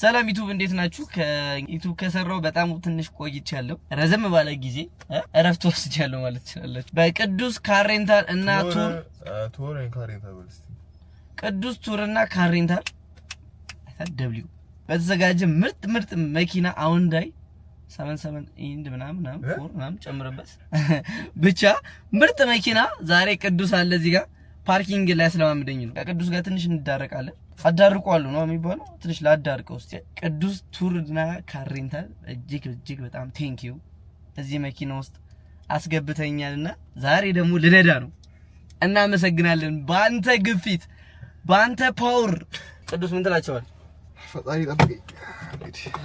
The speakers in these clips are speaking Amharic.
ሰላም ዩቱብ እንዴት ናችሁ? ከዩቱብ ከሰራው በጣም ትንሽ ቆይቻለሁ። ረዘም ባለ ጊዜ እረፍት ወስጃለሁ ማለት ትችላላችሁ። በቅዱስ ካሬንታል እና ቱር ቅዱስ ቱር እና ካሬንታል ደብሊው በተዘጋጀ ምርጥ ምርጥ መኪና አሁን ሰመን ሰመን ኢንድ ምናምን ምናምን ጨምርበት ብቻ ምርጥ መኪና ዛሬ ቅዱስ አለ እዚህ ጋር ፓርኪንግ ላይ ስለማምደኝ ነው። ከቅዱስ ጋር ትንሽ እንዳረቃለን አዳርቋለሁ ነው የሚባለው። ትንሽ ላዳርቀው ውስጥ ቅዱስ ቱርና ካሬንታል እጅግ እጅግ በጣም ዩ እዚህ መኪና ውስጥ አስገብተኛልና ዛሬ ደግሞ ልነዳ ነው። እናመሰግናለን። በአንተ ግፊት፣ በአንተ ፓወር ቅዱስ ምን ትላቸዋል? ፈጣሪ ጠብቀኝ።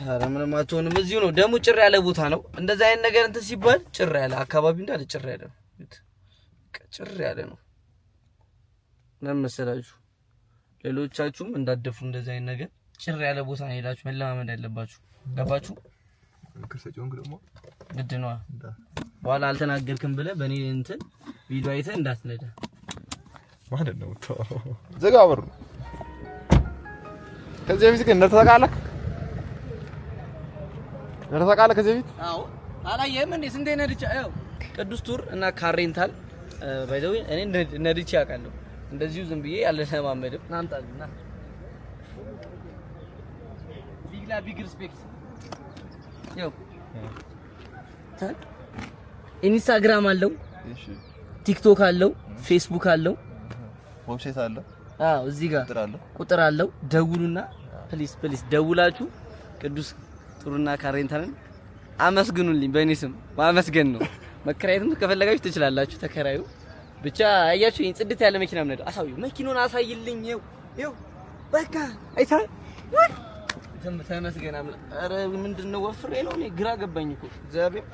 ኧረ ምንም አትሆንም። እዚሁ ነው ደግሞ ጭር ያለ ቦታ ነው። እንደዚህ አይነት ነገር እንትን ሲባል ጭር ያለ አካባቢ እንዳለ ጭር ያለ ነው። ጭር ያለ ነው ለምን መሰላችሁ? ሌሎቻችሁም እንዳደፉ እንደዚህ አይነት ነገር ጭር ያለ ቦታ ነው ሄዳችሁ መለማመድ ያለባችሁ። ገባችሁ? ግድ ነዋ። በኋላ አልተናገርክም ብለህ በእኔ እንትን ቪዲዮ አይተህ እንዳትነዳ ማለት ነው። ዘጋ በሩ። ከዚህ በፊት ግን እንደተቃለክ እንደተቃለክ ከዚህ በፊት አዎ፣ አላየህም እንዴ? ስንቴ ነድቻ። ቅዱስ ቱር እና ካሬንታል ባይዘው እኔ ነድቻ ያውቃለሁ እንደዚሁ ዝም ብዬ ያለ ለማመድም እናንተ ናምጣልና ቢግላ ቢግ ሪስፔክት ያው ኢንስታግራም አለው፣ ቲክቶክ አለው፣ ፌስቡክ አለው፣ ዌብሳይት አለው። አዎ እዚህ ጋር ቁጥር አለው። ደውሉና ፕሊስ ፕሊስ ደውላችሁ ቅዱስ ጥሩና ካሬንታንን አመስግኑልኝ። በእኔ ስም ማመስገን ነው። መከራየትም ከፈለጋችሁ ትችላላችሁ። ተከራዩ ብቻ አያችሁኝ፣ ጽድት ያለ መኪና ምነዳ። አሳዩ፣ መኪናውን አሳይልኝ። ይው ይው፣ በቃ አይታ አይተሃል። ተመስገን። ኧረ አረ ምንድነው ወፍሬ ነው? እኔ ግራ ገባኝ እኮ እግዚአብሔር።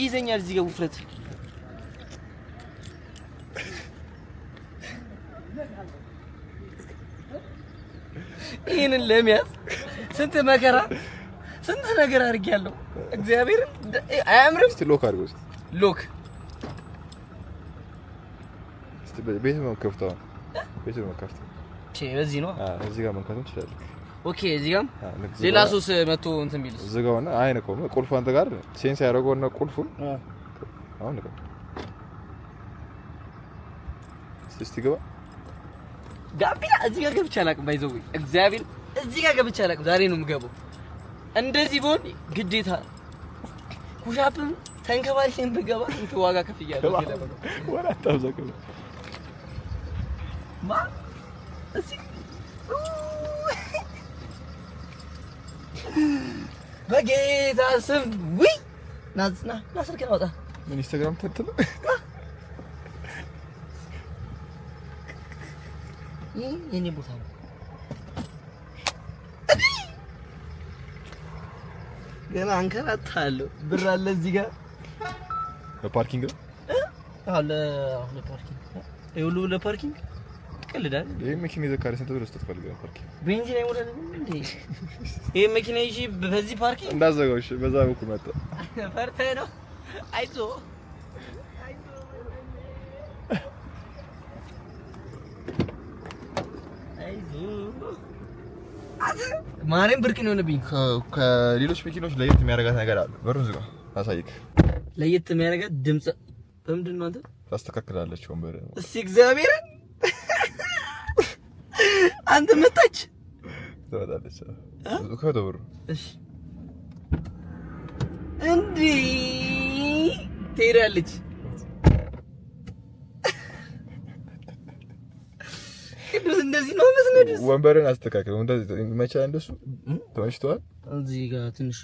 ይዘኛል እዚህ ጋር ውፍረት። ይህንን ለመያዝ ስንት መከራ ስንት ነገር አድርጌያለሁ። እግዚአብሔር አያምርም። ሎክ ቤት ነው ከፍተው ቤት ነው ከፍተው እሺ፣ በዚህ ነው አዎ፣ እዚህ ጋር መንካት እንችላለን። ኦኬ፣ እዚህ ጋር ሌላ ሱስ መቶ እንትን ቢልስ እዚህ ጋር አይ ነው ቁልፉ አንተ ጋር ሴንስ ያደረገው ነው ቁልፉ አሁን ነው እስቲ ግባ ጋቢና እዚህ ጋር ገብቼ አላውቅም። ባይዘው እግዚአብሔር እዚህ ጋር ገብቼ አላውቅም። ዛሬ ነው የምገባው። እንደዚህ በሆን ግዴታ ኩሻፕም ተንከባሪ ብገባ እንትን ዋጋ ከፍያለሁ። በጌታ ስም ውይ፣ ናዝና ስልክህን አውጣ። ምን ኢንስታግራም ተትሎ ይሄ የኔ ቦታ ነው። ገና አንከራታለሁ። ብር አለ እዚህ ጋር ለፓርኪንግ ነው። አለ አዎ ለፓርኪንግ፣ ይኸውልህ ለፓርኪንግ ይቀልዳል። ይሄ መኪና ይዘህ ካለ ስንት ብር ውስጥ ፓርኪንግ ቤንዚን እንዴ? ይሄ መኪና ይዤ በዚህ ፓርኪንግ እንዳዘጋው። እሺ፣ በዛ በኩል መጣ። ፈርተህ ነው? አይዞህ ማርያም ብርቅ ነው የሆነብኝ። ከሌሎች መኪኖች ለየት የሚያደርጋት ነገር አለ። በሩን ዝጋ፣ አሳይክ። ለየት የሚያደርጋት ድምጽ በምንድን ነው አንተ ታስተካክላለች ወንበር እስቲ እግዚአብሔርን አንተ መጣች ትመጣለች። ከደብሩ እንዲህ ትሄዳለች። ቅዱስ እንደዚህ ነው መስነድስ። ወንበርን አስተካክለው እንደዚህ ይመቻል። እንደሱ ተመችቶሃል። እዚህ ጋር ትንሽ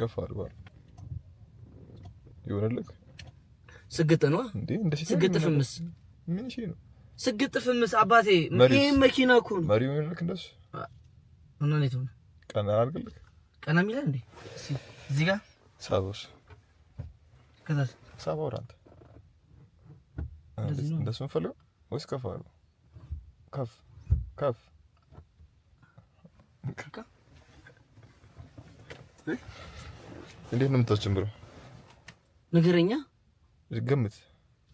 ከፍ አድርጓል። ይሆንልህ። ስግጥ ነው እንዴ? ስግጥ ፍምስ ምን ሺህ ነው ስግጥፍምስ አባቴ ይህ መኪና እኮ ነው። መሪው ይልክ እንደሱ እና እንዴት ሆነ? ቀና አድርግልህ ቀና የሚለህ እንዴ? እዚህ ጋ ሳቦስ ከዛ ሳቦር አንተ እንደሱ ፈለ ወይስ ከፍ አሉ ከፍ ከፍ እንዴት ነው የምታስጀምረው? ነገረኛ ግምት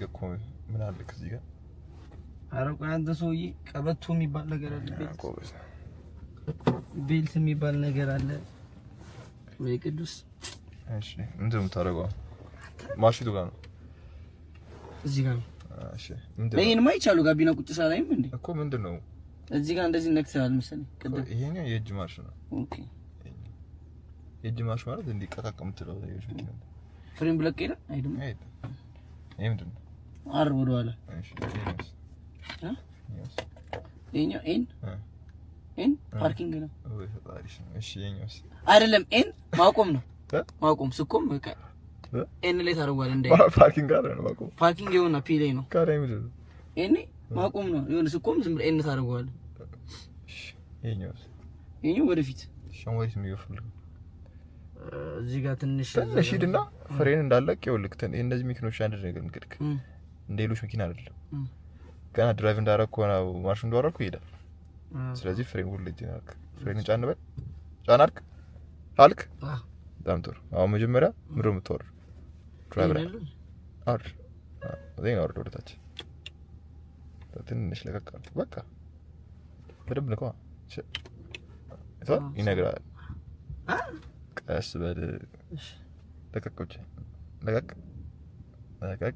ፈልገህ እኮ ምን አለ ከዚህ ጋር? ቆይ አንተ ሰውዬ ቀበቶ የሚባል ነገር አለ፣ ቤልት የሚባል ነገር አለ። ወይ ቅዱስ፣ እሺ፣ ምንድን ነው የምታደርገው? ማሽቱ ጋር ነው እዚህ ጋር ነው። እሺ፣ ምንድን ነው ጋቢና ቁጭ ሳላይም እኮ ምንድን ነው እዚህ ጋር እንደዚህ ነክተሃል መሰለኝ። ቅድም ይሄኛው የእጅ ማርሽ ነው። ኦኬ፣ የእጅ ማርሽ ማለት እንዲቀጣቀም ትለው ፍሬም ምንድን ነው አር ወደ ወደኋላ የኛው ኤን ኤን ፓርኪንግ ነው አይደለም። ኤን ማቆም ነው ማቆም ስኮም ኤን ላይ ታደርጓል። እንደ ፓርኪንግ አለ ነው ማቆም ፓርኪንግ የሆነ ፒ ላይ ነው ካሬ ምንድን ነው ኤን ማቆም ነው የሆነ ስኮም ዝም ብለህ ኤን ታደርጓል። የኛው ወደፊት ሸሞይስ የሚወፍል እዚህ ጋር ትንሽ ትንሽ ሂድና ፍሬን እንዳለቅ ይኸውልህ እነዚህ መኪኖች አንድ ነገር እንግድክ እንደ ሌሎች መኪና አይደለም። ገና ድራይቭ እንዳረግ ከሆነ ማርሽ እንዳረግኩ ይሄዳል። ስለዚህ ፍሬን ሁሉ ይናልክ ፍሬን ጫን በል ጫን አልክ አልክ። በጣም ጥሩ። አሁን መጀመሪያ ምድር የምትወርድ ድራይቭ አይደል? ዜና ወርድ ወደታች ትንሽ ለቀቅ አልኩ። በቃ በደንብ ንኳ ይነግራል። ቀስ በል ለቀቅ ብቻ ለቀቅ ለቀቅ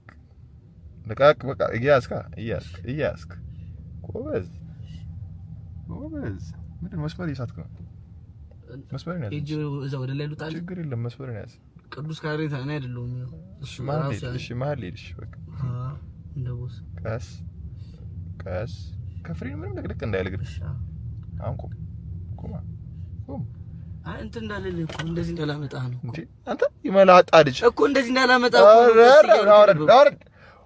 ነቃቅ በቃ እያስካ እያስክ እያስክ ጎበዝ ጎበዝ። ምንድን መስመር እየሳትክ ነው? መስመር ነው እጂ እዛ ወደ ላይ ልውጣ። ችግር የለም መስመር ነው ያዝ። ቅዱስ ካሬታ እኔ አይደለሁም። እሺ መሀል እሺ መሀል ሄድሽ። በቃ እንደውስ ቀስ ቀስ ከፍሬን ምንም ልቅልቅ እንዳይል እግር። አሁን ቁም ቁም ቁም አንተ እንዳለልህ እኮ እንደዚህ እንዳላመጣ ነው። አንተ የመላጣ ልጅ እኮ እንደዚህ እንዳላመጣ እኮ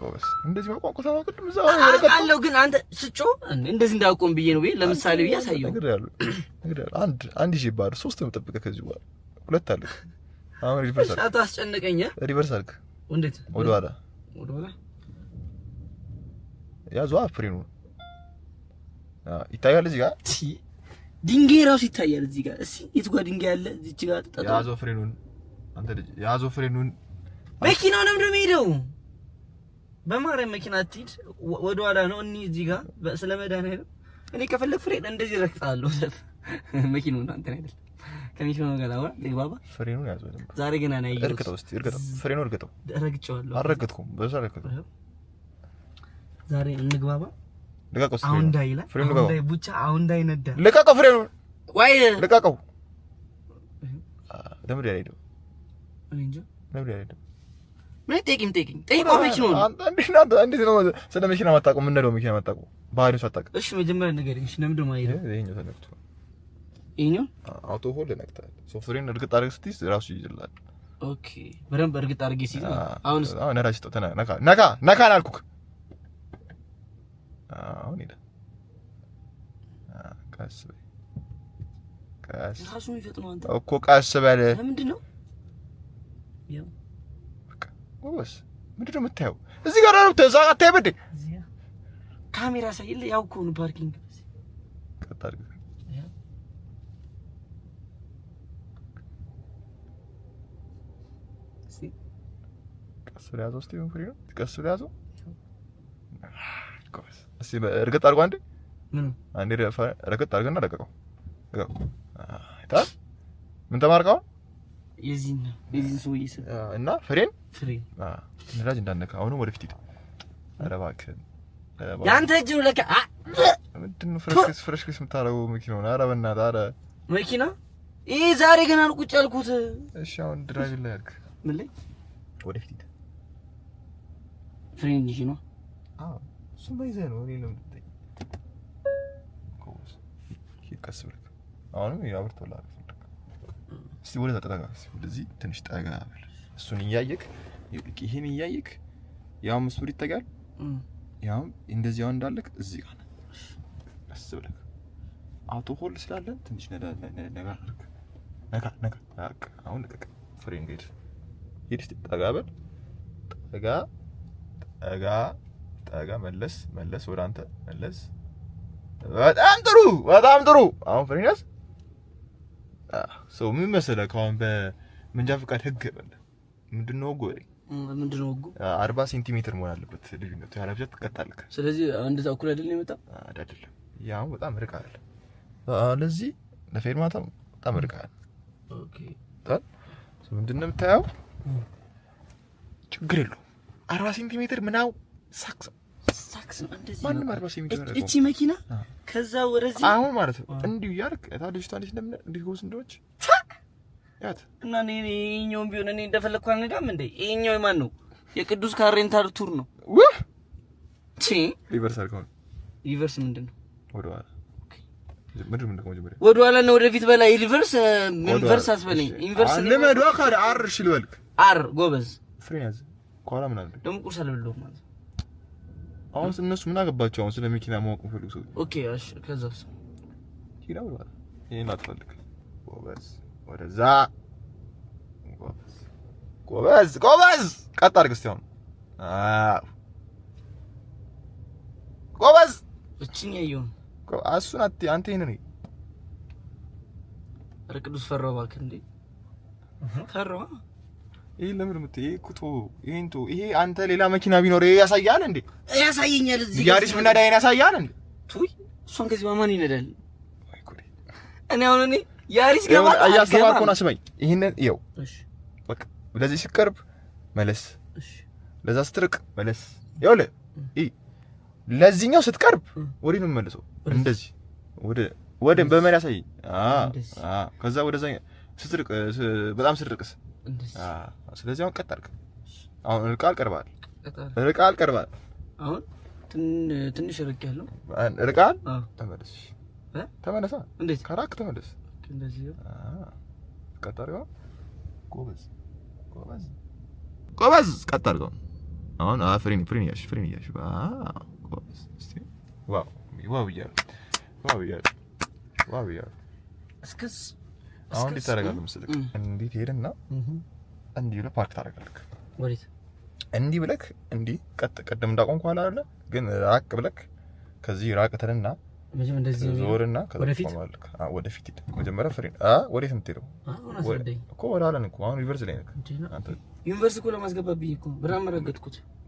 ጎበስ እንደዚህ መቋቋም ከተማከለ ምዛ አለው። ግን አንተ ስጮ እንደዚህ እንዳቆም ብዬ ነው። ለምሳሌ ብዬ አሳየው አንድ አንድ ይዤ ባር ሶስት መጠበቅ ከዚህ በኋላ ሁለት አለ። አሁን ሪቨርስ አልክ፣ አስጨነቀኝ። ሪቨርስ አልክ። እንዴት ወደ ኋላ ወደ ኋላ ያዟ። ፍሬኑ ይታያል እዚህ ጋር ድንጋይ ራሱ ይታያል እዚህ ጋር። እስኪ የቱ ጋር ድንጋይ አለ? እዚህ ጋር ያዟ። ፍሬኑን አንተ ልጅ ያዟ። ፍሬኑን መኪናው ነው እንደሚሄደው በማርያም መኪና አትሂድ፣ ወደኋላ ነው እኒ እዚህ ጋር ስለ መድኃኒዓለም እኔ ከፈለግ ፍሬን እንደዚህ ረግጣለሁ። ሰፍ መኪናው ነው አንተን አይደል ከመኪናው ጋር አውራ ልግባባ። ፍሬኑን ያዘው ዛሬ ገና ነው ያየሁት። እርግጠው እስቲ እርግጠው፣ ፍሬኑን እርግጠው። ረግጬዋለሁ። አልረገጥኩም፣ በዛ ረግጠው። ዛሬ እንግባባ። ልቀቀው እስቲ አሁን እንዳይላ ፍሬኑን ልቀቀው። እንዳይ ቡቻ አሁን እንዳይ ነዳ። ልቀቀው ፍሬኑን፣ ቆይ ልቀቀው። ደምሪ አይደው እንጂ ደምሪ አይደው ምን ጠይቂም ጠይቂኝ ጠይቋ መኪና ነው አንተ እንዴት ነው ስለ መኪና የማታውቀው? ምን ነው መኪና የማታውቀው? ባህሪውን ሳታውቀው። እሺ መጀመሪያ ነገር እሺ፣ ለምንድን ነው የማይሄደው? ይሄኛው ተነክቷል። ይሄኛው አውቶ ሆል ነክቷል። ሶፍትዌሩን እርግጥ አድርገህ ስትይዝ እራሱ ይይዝልሃል። ኦኬ፣ በደንብ እርግጥ አድርገህ ስትይዝ። አሁን አሁን ነካ ነካ ነካ ነካ አላልኩህ? አሁን ሄደ። ቀስ በል ቀስ እራሱ የሚፈጥነው አንተ እኮ ቀስ በል ምንድን ነው ጎበስ ምንድን ነው የምታየው? እዚህ ጋር ነው ተዛ አታይበድ ካሜራ ሳይል ያው እኮ ነው ፓርኪንግ ቀሱ ለያዘው እስቲ ፍሪ ነው ቀሱ ለያዘው እስቲ እርግጥ አድርጎ አንዴ አንዴ ረገጥ አድርገና ለቀቀው። ምን ተማርቀው የዚህን የዚህን ሰውዬ እና ፍሬን ነዳጅ እንዳነካ አሁን ወደፊት ሂድ። ኧረ እባክህ ያንተ እጅ ነው ለካ። ምንድን ነው ፍረሽክስ ፍረሽክስ የምታደርገው መኪናውን? ኧረ በእናትህ ኧረ መኪና ይሄ ዛሬ ገና ነው ቁጭ ያልኩት። እሺ አሁን ድራይቭ ላይ ያልክ ምን ላይ ወደፊት ሂድ። ፍሬን ይዤ ነው። አዎ እሱማ ይዘህ ነው። እኔ ነው ቀስ ብለህ አሁንም ያብርቶላል። እስቲ ወደ ተጠጋ ወደዚህ ትንሽ ጠጋ ብለህ እሱን እያየክ ይህን እያየክ የአምስት ብር ይጠጋል። ያም እንደዚያው እንዳለክ እዚህ ጋር ቀስ ብለህ ሆል ስላለ ትንሽ ነጋርክ ነጋ ነጋ አሁን ልቀቅ። ፍሬን ሄድ ሄድ ጠጋ በል ጠጋ ጠጋ ጠጋ መለስ መለስ ወደ አንተ መለስ። በጣም ጥሩ በጣም ጥሩ። አሁን ፍሬን ያዝ። ሰው ምን መሰለህ ከአሁን በመንጃ ፈቃድ ህግ ነው ወጉ ምንድን ነው ወጉ? 40 ሴንቲሜትር መሆን አለበት ልዩነቱ። ያለብቻ ትቀጣልክ። ስለዚህ አንድ ተኩል አይደለም የመጣ አይደለም። ያው በጣም ርቅ አለ። ስለዚህ ለፌርማታ በጣም ርቅ አለ። ኦኬ ምንድን ነው የምታየው? ችግር የለውም። 40 ሴንቲሜትር ምናው ሳክስ ሳክስ እንደዚህ እቺ መኪና ከዛ ወረዚ አሁን ማለት ነው። እንዲሁ ያርክ ታዲያ ልጅቷ ልጅ እንደምን እንዲህ ጎስ እንደሆነች እና ይኸኛውን ቢሆን እኔ እንደፈለግኩ አልነዳም እንዴ? ይኸኛው የማን ነው? የቅዱስ ካር ቱር ነው። ሪቨርስ አልከሆነ ሪቨርስ ምንድን ነው? ወደኋላ ወደኋላ እና ወደፊት በላ ሪቨርስ ሪቨርስ አስበለኝ ሪቨርስ ልመዷ ካድ አር እሺ ልበልክ አር ጎበዝ ፍሬን ያዝ ከኋላ ምን አለ ደግሞ ቁርስ አልበላሁም ማለት አሁን እነሱ ምን አገባቸው? አሁን ስለ መኪና ማወቅ ፈልጉ ሰው ኦኬ እሺ ከዛስ ሂዳ ወደኋላ ይሄን አትፈልግ ጎበዝ ወደዛ ጎበዝ ጎበዝ፣ ቀጥ አድርግ እስቲ። አሁን ጎበዝ፣ እቺኛ ይሁን አት አንተ ይነኒ ኧረ ቅዱስ ፈራው እባክህ። እንዴ ፈራው? ይሄ ለምን የምትይ ኩቶ ይሄን ቶ ይሄ አንተ ሌላ መኪና ቢኖር ይሄ ያሳያል እንዴ? ያሳየኛል። እዚህ ያሪስ ምን ነዳ ያሳያል እንዴ? ቱይ እሷን ከዚህ በማን ይነዳል? እኔ አሁን እኔ እያስተማርኩህ ነው። አስበኝ። ይህንን ይኸው በቃ ለዚህ ስትቀርብ መለስ፣ ለዛ ስትርቅ መለስ። ይኸውልህ ለዚህኛው ስትቀርብ ወዲህ ነው የምመልሰው። እንደዚህ ወደ ወደ በመሪ ያሳየኝ። ከዛ ወደዛ ስትርቅ በጣም ስትርቅስ። ስለዚህ አሁን ቀጥ አድርግ። አሁን ርቃ አልቀርባል፣ ርቃ አልቀርባል። አሁን ትንሽ ርቅ ያለው ተመለስ፣ ተመለሳ። እንዴት ተመለስ እንደዚህ ቀጠሪዋ ጎበዝ ጎበዝ ጎበዝ ቀጠርገው አሁን ፍሬን ፍሬን እያልሽ ፍሬን እያልሽ ጎበዝ ዋው ዋው እያሉ ዋው እያሉ ዋው እያሉ እስክስ አሁን እንዴት ታደርጋለህ መሰለህ? እንዴት ሄድና እንዲህ ብለህ ፓርክ ታደርጋለህ። ወዴት እንዲህ ብለህ እንዲህ ቀጥ ቅድም እንዳቆም አይደለ ግን ራቅ ብለህ ከዚህ ራቅ ትልና ዞርና ወደፊት ሂድ። መጀመሪያ ፍሬን ወዴት የምትሄደው እኮ ወደ ኋላ እኮ አሁን ላይ ነህ። ዩኒቨርስ እኮ ለማስገባት ብዬ እኮ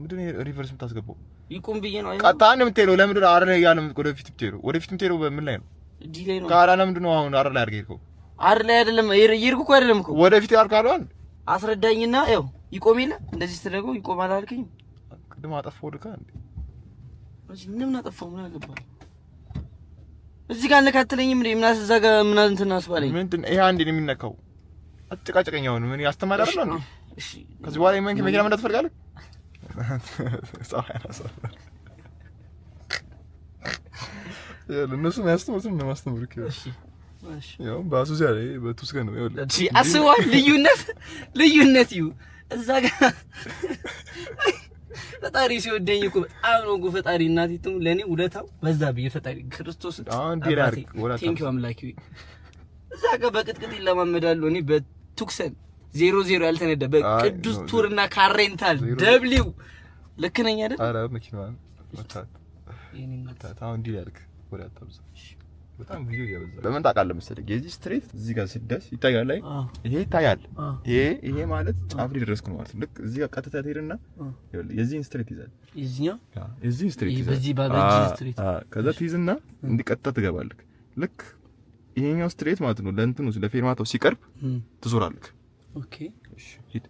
ምንድን ነው ሪቨርስ የምታስገባው? ይቁም ብዬ ነው። ቀጥታ ነው የምትሄደው። ለምንድን ነው ያለ ወደፊት የምትሄደው ወደፊት የምትሄደው በምን ላይ ነው? ካላ ለምንድን ነው አሁን ላይ አድርገህ ላይ አይደለም እየሄድኩ እኮ አይደለም እኮ ወደፊት አይደል? አስረዳኝና ያው ይቆም የለ እንደዚህ ስትደርገው ይቆማል አልከኝ። ቅድም አጠፋሁ ምንም አጠፋሁ ምን አገባህ እዚህ ጋር እንከትለኝም እንዴ? ምናስ እዛ ጋር ምናስ እንትን አስባለኝ። ምንድን ይሄ አንዴ ነው የሚነካው። አጨቃጨቀኝ። ነው ምን ያስተማሪ አይደል? ነው እሺ። ከዚህ በኋላ የመንክ መኪና መንዳት ትፈልጋለህ? እነሱ የሚያስተምሩትም ለማስተምሩ ያው በአሱዚያ ላይ በቱስገ ነው ያው አስዋ ልዩነት ልዩነት እዩ እዛ ጋር ፈጣሪ ሲወደኝ እኮ በጣም ነው እኮ ፈጣሪ እናቴ ትሙ ለእኔ ውለታው በዛ ብዬ ፈጣሪ ክርስቶስ ቴንኪው አምላኪ። እዛ ጋር በቅጥቅጥ ይለማመዳሉ። እኔ በቱክሰን ዜሮ ዜሮ በቅዱስ ቱር እና ካሬንታል ደብሊው ልክ ነኝ አይደል? በምን ታውቃለህ መሰለህ የዚህ ስትሬት እዚህ ጋር ስደስ ይታያል። ላይ ይሄ ይታያል። ይሄ ይሄ ማለት ጫፍ ላይ ደረስኩ ነው ማለት ልክ እዚህ ጋር ቀጥታ ትሄድና የዚህን ስትሬት ይዛል። የዚህን ስትሬት ይዛል። በዚህ ስትሬት ከዛ ትይዝና እንዲህ ቀጥታ ትገባልክ። ልክ ይሄኛው ስትሬት ማለት ነው ለእንትኑ ለፌርማታው ሲቀርብ ትዞራለህ። ኦኬ እሺ ሂድ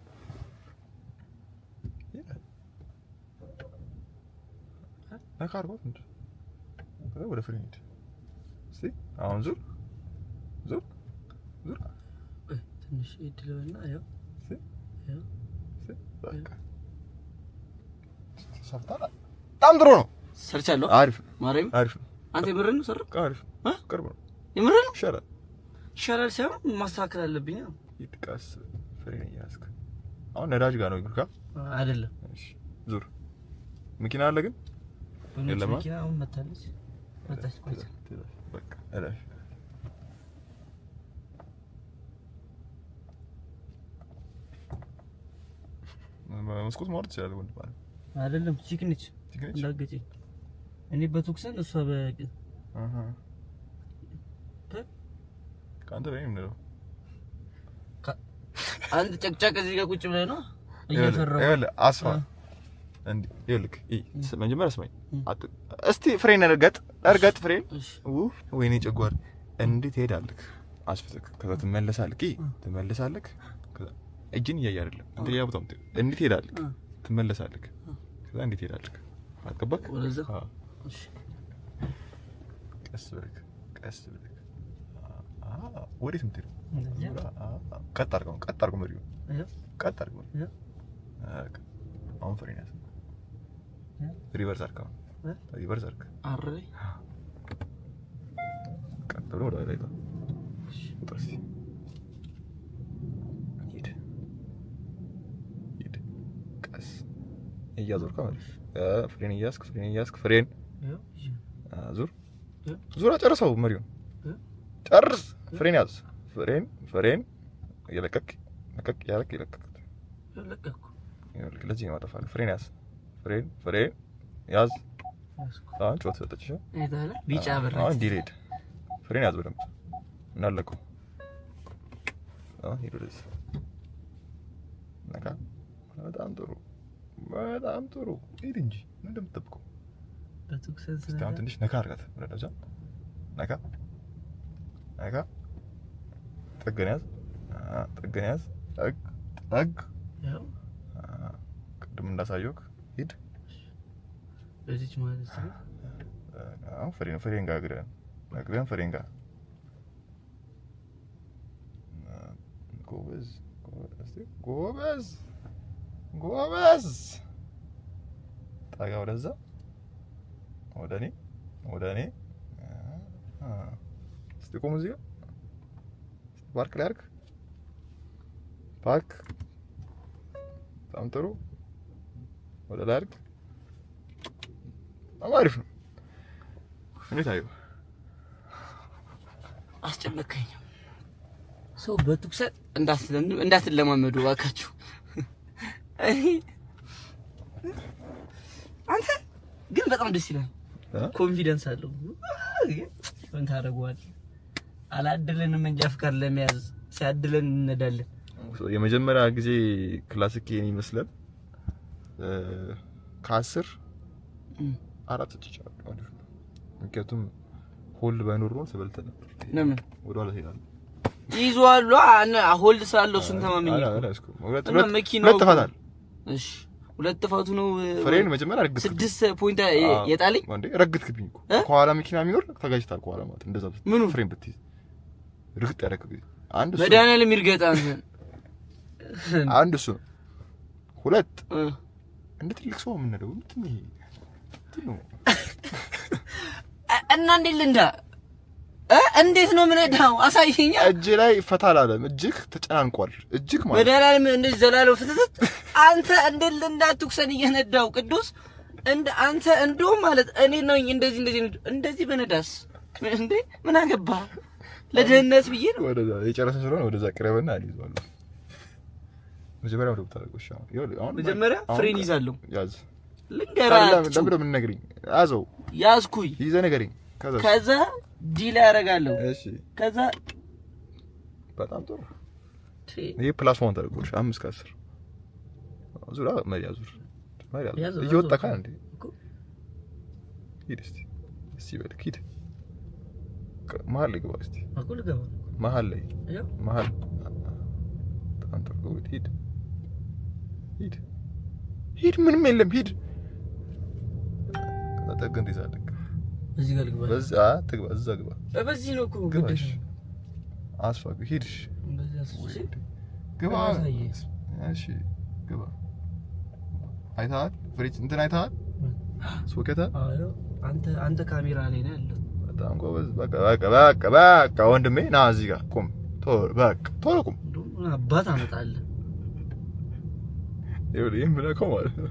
ወደ ፍሬ ሂድ አሁን ዙር ዙር ዙር ትንሽ እድልና ያው በጣም ጥሩ ነው። ሰርቻለሁ። አሪፍ ማርያም፣ አሪፍ አንተ የምር ነው ሰራ? አሪፍ እ ቅርብ ነው። የምር ነው። ይሻላል፣ ይሻላል ሳይሆን ማስተካከል አለብኝ። ይጥቃስ ፍሬ ያስከ አሁን ነዳጅ ጋር ነው ይግርካ አይደለም። እሺ ዙር። መኪና አለ ግን የለም። መኪና አሁን መታለች፣ መጣች ቆይታ እለፍ። መስኮት ማውረድ ትችላለህ ወንድም አለ አይደለም። ቲክኒች እንዳገጨኝ እኔ በቱክሰን እሷ በ አሃ ካንተ ላይ ምን ነው አንተ ጨቅጨቅ እዚህ ጋር ቁጭ ብለህ ነው እየፈራሁ ይኸውልህ አስፋ ልክ መጀመሪያ ስማኝ፣ እስቲ ፍሬን እርገጥ፣ እርገጥ ፍሬን። ወይኔ ጭጓር እንዴት ትሄዳልክ? አስፍትክ፣ ከዛ ትመለሳልክ፣ ትመለሳልክ። እጅን እያየ አይደለም እንትን ቦታም እንዴት ትሄዳልክ? ትመለሳልክ፣ ከዛ እንዴት ትሄዳልክ? አልገባክ? ቀስ ብለክ፣ ቀስ ብለክ ወዴት የምትሄደው? ቀጥ አድርገው፣ ቀጥ አድርገው፣ ቀጥ አድርገው። አሁን ፍሬን ያዝ ሪቨርስ አድርግ፣ ሪቨርስ አድርግ። ቀጥ ብሎ ወደ ላይ ውጥረስ እያዞርክ አሪፍ። ፍሬን እያስክ ፍሬን እያስክ ፍሬን ዙር ዙር። ጨርሰው መሪውን ጨርስ። ፍሬን ያዝ። ፍሬን ፍሬን እየለቀቅ ለቀቅ ያለቅ ይለቀቅ። ለዚህ ነው አጠፋለሁ። ፍሬን ያዝ። ፍሬን ፍሬ ያዝ። አሁን ጮህ ተሰጠች። ቢጫ ብር አሁን ዲሬድ ፍሬን ያዝ በደምብ እናለቁ። አሁን ሂድ ነካ። በጣም ጥሩ በጣም ጥሩ። ሂድ እንጂ ምን እንደምትጠብቀው አሁን ትንሽ ነካ አድርጋት። ወደዛ ነካ ነካ። ጥግን ያዝ ጥግን ያዝ። ጠግ ጠግ ቅድም እንዳሳየውክ በዚች ማለት ነው። አሁን ፍሬን ፍሬን ጋር እግረን ፍሬን ጋር ጎበዝ ጎበዝ ጎበዝ ጠጋ ወደዛ ወደ እኔ ወደ እኔ እስቲ ቁም እዚህ ፓርክ ላይ አድርግ ፓርክ በጣም ጥሩ ወደ ላይ አድርግ አሪፍ ነው። እኔ አየሁ? አስጨነቀኝ። ሰው በትኩሳት እንዳትለማመዱ እባካችሁ። አንተ ግን በጣም ደስ ይላል። ኮንፊደንስ አለው። ምን ታደርገዋለህ? አላደለንም እንጂ አፍቃር ለመያዝ ሲያድለን እንነዳለን። የመጀመሪያ ጊዜ ክላሲክ ይሄን ይመስላል ከአስር አራት ትችላለህ ማለት ነው። ምክንያቱም ሆልድ ባይኖር ነው ስበልተ ነበር። ለምን ወደ ኋላ ትሄዳለህ? ይዟል ሆልድ ስላለው እሱን ተማመኝ። ሁለት ጥፋት አለ። እሺ ሁለት ጥፋቱ ነው። ፍሬን መጀመሪያ ረግጥ ስድስት ፖይንት የጣለኝ እንዴ ረግጥክብኝ እኮ ከኋላ መኪና የሚኖር ተጋጭታል። ከኋላ ማለት እንደዛ ምን ፍሬን ብትይዝ ርግጥ ያደረክብኝ አንድ እሱ መድኃኒዓለም ይርገጥ አንተ አንድ እሱ ሁለት እንደ ትልቅ ሰው የምንለው እንትን ይሄ እና እንዴት ልንዳ እንዴት ነው ምነዳው? አሳይኛ። እጅ ላይ ፈታ አላለም። እጅግ ተጨናንቋል። እጅግ ማለት በደላለም እንደዚህ ዘላለው ፍትት አንተ እንዴት ልንዳ ትኩሰን እየነዳው ቅዱስ እንደ አንተ እንደውም ማለት እኔ ነው እንደዚህ እንደዚህ እንደዚህ በነዳስ እንዴ ምን አገባ? ለደህንነት ብዬ ነው ወደዛ የጨረሰ ስለሆነ ወደዛ ቅረበና አልይዟለሁ። መጀመሪያ ወደ ቦታ ታደርጎሽ መጀመሪያ ፍሬን ይዛለሁ ያዝ ልንገራለሁ። የምንነግሪኝ ያዘው፣ ያዝኩኝ፣ ይዘህ ንገሪኝ። ከዛ ዲል ያደርጋለሁ። ከዛ በጣም ጥሩ። ይሄ ፕላስ ዋን ተደርጎልሽ አምስት ከአስር ዙራ መሪያ ዙር እየወጣ ካል እንዴ ሂድ በልክ ሂድ። መሀል ላይ ግባ መሀል ላይ መሀል በጣም ጥሩ ሂድ ሂድ ሂድ። ምንም የለም ሂድ ጠግ እንዴት አለክ? እዚህ ጋር ልግባ፣ ትግባ፣ እዛ ግባ። በዚህ ነው እኮ ግባሽ። ሂድሽ፣ ግባ። እሺ ግባ። አይተሃል? ፍሪጅ እንትን አይተሃል? ሶኬታ አንተ አንተ ካሜራ ላይ ያለው። በጣም ጎበዝ። በቃ በቃ በቃ በቃ ወንድሜ ና እዚህ ጋር ቁም። ቶሎ በቃ ቶሎ ቁም። አባት አመጣለህ ማለት ነው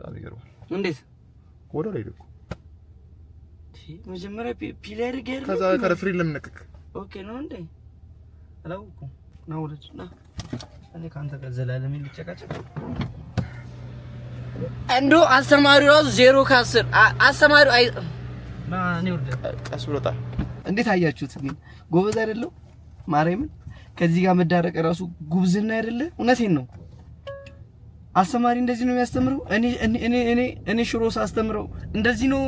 በጣም ይገርማል። እንዴት ወደ ላይ ደግሞ መጀመሪያ ፒለር ገር ከዛ ከረፍሪ ለምነቅክ ኦኬ ነው እንዴ? አላውኩም። ና ወለድ ና እኔ ከአንተ ጋር ዘላለም ልጨቃጨቅ። እንዶ አስተማሪው ራሱ ዜሮ ከአስር አስተማሪው አይ ና እኔ ወርደ ቀስ ብሎታ። እንዴት አያችሁት ግን ጎበዝ አይደለው? ማርያምን ከዚህ ጋር መዳረቅ ራሱ ጉብዝና አይደለ? እውነቴን ነው አስተማሪ እንደዚህ ነው የሚያስተምረው። እኔ እኔ እኔ እኔ ሽሮ ሳስተምረው እንደዚህ ነው።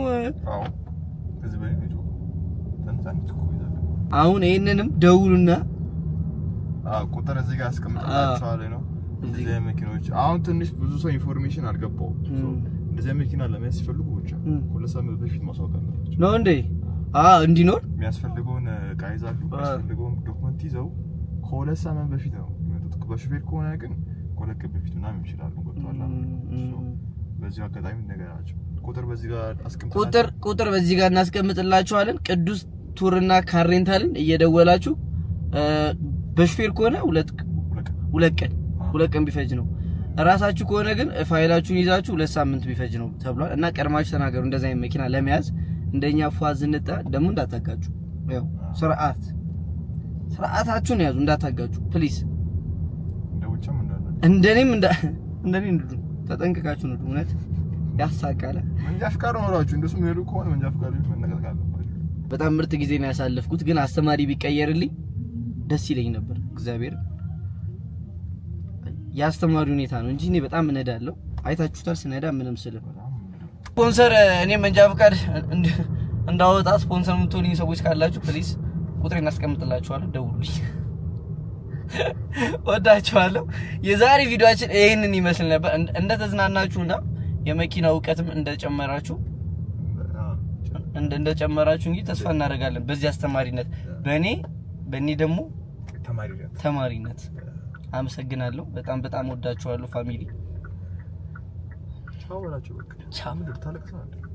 አሁን ይሄንንም ደውሉና ቁጥር እዚህ ጋር አስቀምጥላችኋለሁ ነው። እንደዚህ መኪኖች አሁን ትንሽ ብዙ ሰው ኢንፎርሜሽን አልገባው። እንደዚህ መኪና ለሚያስፈልጉ ብቻ ሁለት ሳምንት በፊት ማስታወቅ አለባቸው ነው እንዴ እንዲኖር የሚያስፈልገውን እቃ ይዛሉ፣ የሚያስፈልገውን ዶክመንት ይዘው ከሁለት ሳምንት በፊት ነው የሚመጡት። በሹፌር ከሆነ ግን ኮለክ በፊት ምናምን ይችላሉ። ገብቶሃል? በዚሁ አጋጣሚ ቁጥር በዚህ ጋር ቁጥር ቁጥር በዚህ ጋር እናስቀምጥላችኋለን። ቅዱስ ቱርና ካሬንታልን እየደወላችሁ በሹፌር ከሆነ ሁለት ሁለት ቀን ሁለት ቀን ቢፈጅ ነው። እራሳችሁ ከሆነ ግን ፋይላችሁን ይዛችሁ ሁለት ሳምንት ቢፈጅ ነው ተብሏል። እና ቀድማችሁ ተናገሩ። እንደዛ አይነት መኪና ለመያዝ እንደኛ ፏዝ እንጣ ደግሞ እንዳታጋጩ። ያው ስርዓት ስርዓታችሁን ያዙ፣ እንዳታጋጩ ፕሊስ። እንደኔም እንደ እንደኔ እንዱ ተጠንቅቃችሁ ነው እውነት ያሳቃለ መንጃ ፍቃድ ኖራችሁ እንደሱ የሚሄዱ ከሆነ መንጃ ፍቃድ መነቀቅ በጣም ምርጥ ጊዜ ነው ያሳለፍኩት፣ ግን አስተማሪ ቢቀየርልኝ ደስ ይለኝ ነበር። እግዚአብሔር የአስተማሪ ሁኔታ ነው እንጂ እኔ በጣም እነዳለሁ። አይታችሁታል ስነዳ ምንም ስልም ስፖንሰር እኔ መንጃ ፍቃድ እንዳወጣ ስፖንሰር የምትሆንኝ ሰዎች ካላችሁ ፕሊዝ ቁጥሬን እናስቀምጥላችኋለሁ፣ ደውሉልኝ። ወዳችኋለሁ። የዛሬ ቪዲዮችን ይህንን ይመስል ነበር። እንደተዝናናችሁና የመኪና እውቀትም እንደጨመራችሁ እንደጨመራችሁ እንግዲህ ተስፋ እናደርጋለን። በዚህ አስተማሪነት በእኔ በእኔ ደግሞ ተማሪነት አመሰግናለሁ። በጣም በጣም ወዳችኋለሁ ፋሚሊ። ቻው።